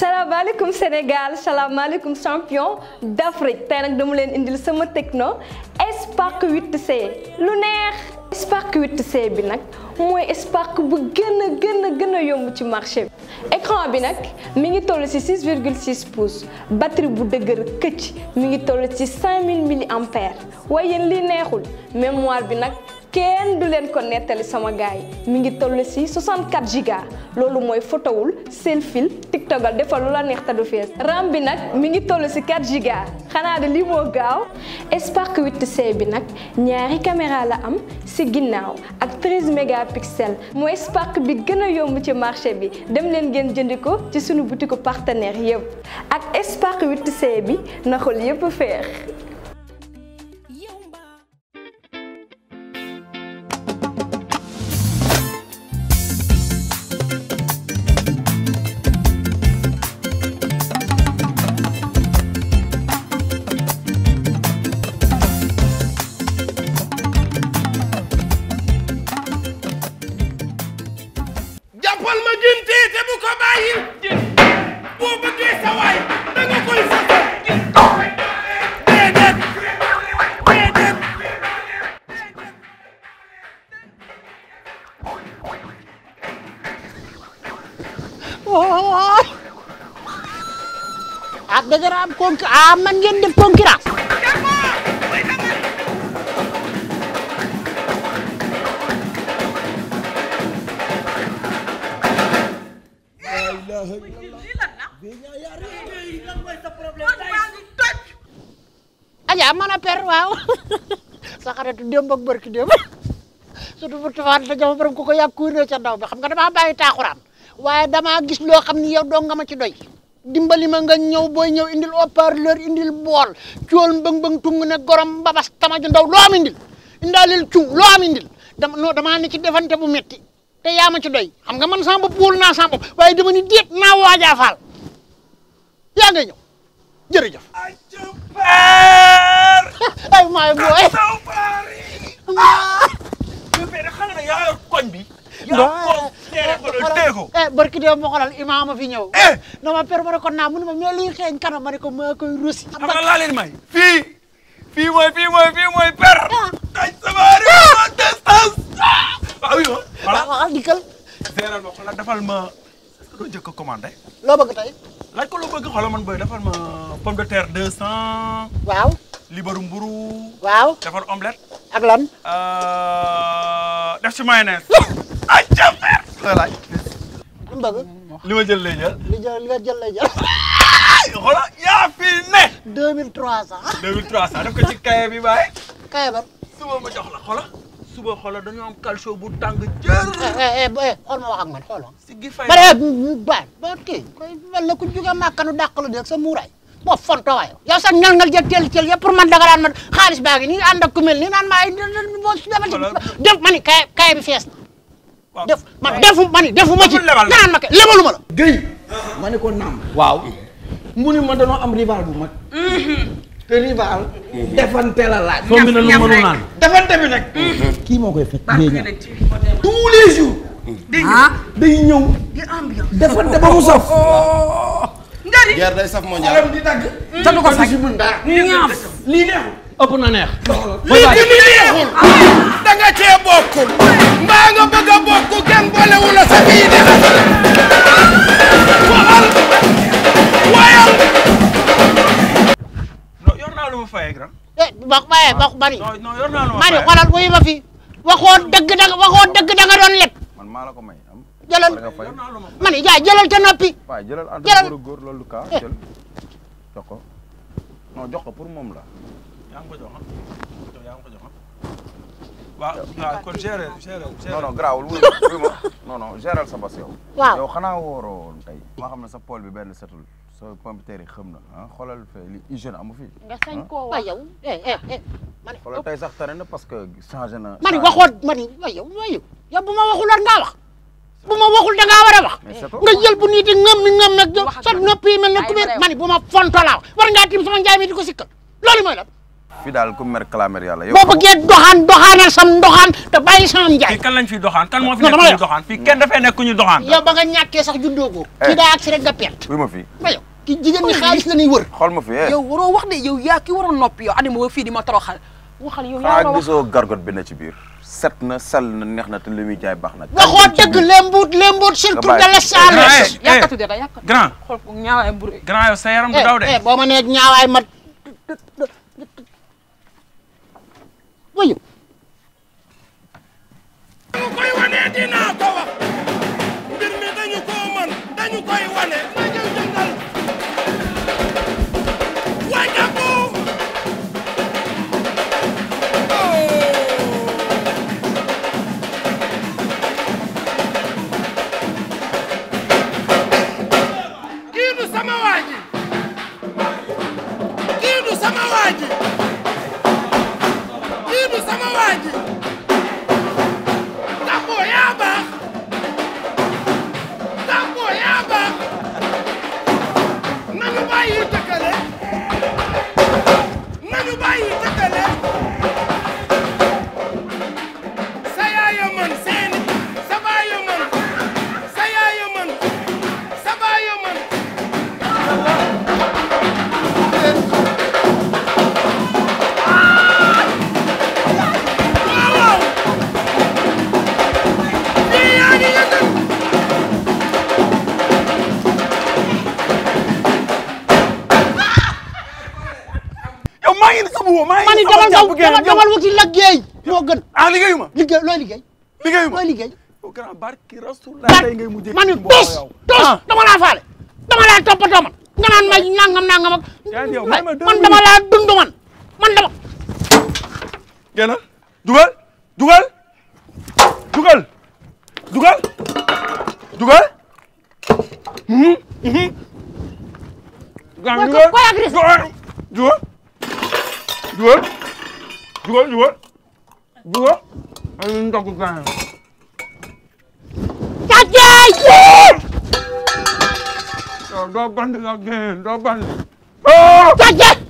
salaamaaleykum Sénégal salaamaaleykum champion d'Afrique tey nag dama leen indil sama techno Spark 8C lu neex. Spark 8C bi nag mooy Spark bu gën a gën gën a yomb ci marché bi. écran bi nag mi ngi toll ci 6,6 pouces batterie bu dëgër këcc mi ngi toll ci 5000 mAh waaye yéen lii neexul mémoire bi nag. kenn du leen ko nettali sama gaay mi ngi toll si 64 giga loolu mooy fotowul selfil tiktokal defal lu la neex te du fees ram bi nag mi ngi toll si 4 giga xanaa de lii moo gaaw Spark 8C bi nag ñaari caméra la am si ginnaaw ak 13 mégapixels mooy Spark bi gën a yomb ci marché bi dem leen ngeen jëndi ko ci suñu boutique partenaire yëpp ak Spark 8C bi na xol yëpp feex jàppal ma ginte te bu ko bàyyil boo bëggee sa waay da nga koy sasal déedéet déedéet oh, oh, oh. ah dëgg am konk ah, man ngeen def concurrence ilaha illallah man a per waaw sa xaritu démb ak barki démb surtout bu tufaan te jama borom ku ko yàgg kuy ca daw bi xam nga damaa bàyyi taaxuraan waaye damaa gis loo xam ni yow doo nga ma ci doy dimbali ma nga ñëw booy ñëw indil haut-parleur indil bool cool mbëng-mbëng tung ne gorom babas tama ju ndaw loo am indil indaalil cu loo am indil dama non damaa ne ci defante bu metti te yaa ci doy xam nga man sama bopp naa sama bopp waaye dama naa waajaa faal yaa ngay ñëw jërëjëf. ay maay booy. Ah! koñ bi. Eh, barki de ma xoolal imaam ma fi ñëw. Eh! non ma père ma ne ko naa mu ne ma mais ko maa koy am na laa may. fii fii mooy fii mooy fii mooy père. ay sama distance. voilà xoolal ah, dikkal. seeral ma defal ma loo njëkk a commandé. booy defal ma pomme de terre 200. waaw. libaru mburu. waaw defal omelette. ak lan. Euh, def ci mayonnaise. ay jàmbeer. looy laaj. li mu bëgg. li ma jël lay jël. li jël li nga jël lay jël. xoolal yaa fi ne. 2300. 2300 def ko ci kaye bi baaye. kaye ba. suba ma jox suba xoolal dañoo am calcio bu tàng jër. Eh, eh, eh, xool ma wax ak man xoolal. si gi fay ba ba ba kii. na ku jóge màkkanu dàqalu di rek sa muuraay boo fonto waayo yow sax ñal ngal jël teel teel yëpp pour man danga daan man xaalis baa ngi nii ànd ak mel nii naan maa boo si demal ci def ma ni kaay kaay bi fees na. waaw ma defu ma ni defu ma ci. naan ma kay lebalu ma la. Guèye. ma ne ko naam. waaw mu ni ma am rival bu mag. Mm-hmm. te lii baal. Mhm. defante la laaj. ñam ñam rek mënu naan. defante bi nag. Mhm. kii moo koy fekk bee ñaar tous les mhm. ah. day ñëw. di ambiance defante ba mu saf. Oh. njëriñ gerte day saf moo ñaar lii neex lii na neex. lii di neexul. Ah. da bokkul. wax bari mani xoolal wuyu ma fi dëgg da nga waxoo dëgg da nga doon lépp man maa la ko may am jëlal mani jaay jëlal te noppi waaw jëlal jëlal góor loolu ka eh. jël jox ko non jox ko pour moom la yaa ngi ko jox ah. yaa ngi ko jox ah. waaw waaw ma non non gérer sa pool bi benn setul soo pompiteer yi xam na ah xoolal fi. nga sañ ah? koo wax yow eh, eh, eh oh. sax tane na parce que changé na. man bu ma waxuloon ngaa wax. bu ma waxul da ngaa war a wax. nga jël bu nit di ngëm mi sa nopp mel na ku mer man bu ma fontolaa war ngaa tim sama njaay mi di ko sikkal loolu mooy la. fii daal ku mer clamer yàlla yow. boo bëggee doxaan doxaanal sam doxaan te bàyyi sama njaay. fii kan lañ fi doxaan ta moo fi nekk ñu doxaan fii kenn dafay nekk ñu doxaan. ba nga ñàkkee sax juddoo ko. Eh. kii daa agsi rek nga perte. ma fi ki jigéen ñi xaalis la ñuy wër. xool ma fi eh. yow waroo wax de yow yaa ki waroon noppi yow anima woo fii di ma toroxal waxal yow yaa gisoo gargote bi na ci biir. set na sell na neex na te li muy jaay baax na. nga xool dëgg lembuut lembuut seen tur de la saal. yàkkatu de da yàkkatu grand xool mburu grand yow eh, eh, ma wayu. ñu koy wane dinaa ko wax mbir mi dañu koo dañu koy wane. liggéeyuma maa ngi sama jàpp gën moo gën. ah liggéeyuma liggéey looy liggéey. looy liggéey. grand barki rasulullah tey ngay ah. faale dama laa toppatoo man nga naan ma nangam nangam ak man dama laa dund man man dama génn dugal dugal dugal dugal dugal mhm, mhm. dugal dugal dugal dugal dugal am nañu ndog gaañ. càccee. doo bandi la génn doo bandi. càccee.